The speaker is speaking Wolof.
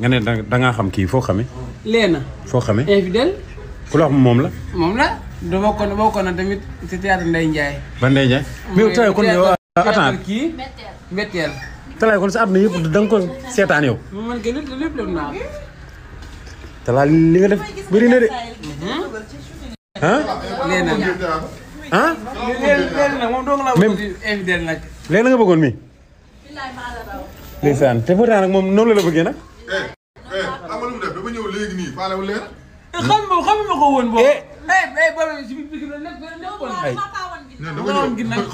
nga ne da ngaa xam kii foo xamee. Léna. foo xamee infidèle. ku la wax moom la. moom la du bokkoon bokkoon na tamit ci théâtre Ndeye Ndiaye. ba Ndeye kii mbetteel. talaay kon sa àdduna yëpp seetaan yow. man lépp lépp li nga def bëri de. ah. Léna ah. Léna moom dong laa bëgg infidèle nag. Léna nga bëggoon mi. ndeysaan te nag moom noonu la bëggee nag. Eh, eh, xam nga lu mu def dafa ñëw léegi nii faale wu leen. Eh, xam nga xamuma ko woon boobu. eh eh boobu si biir bi nga nekk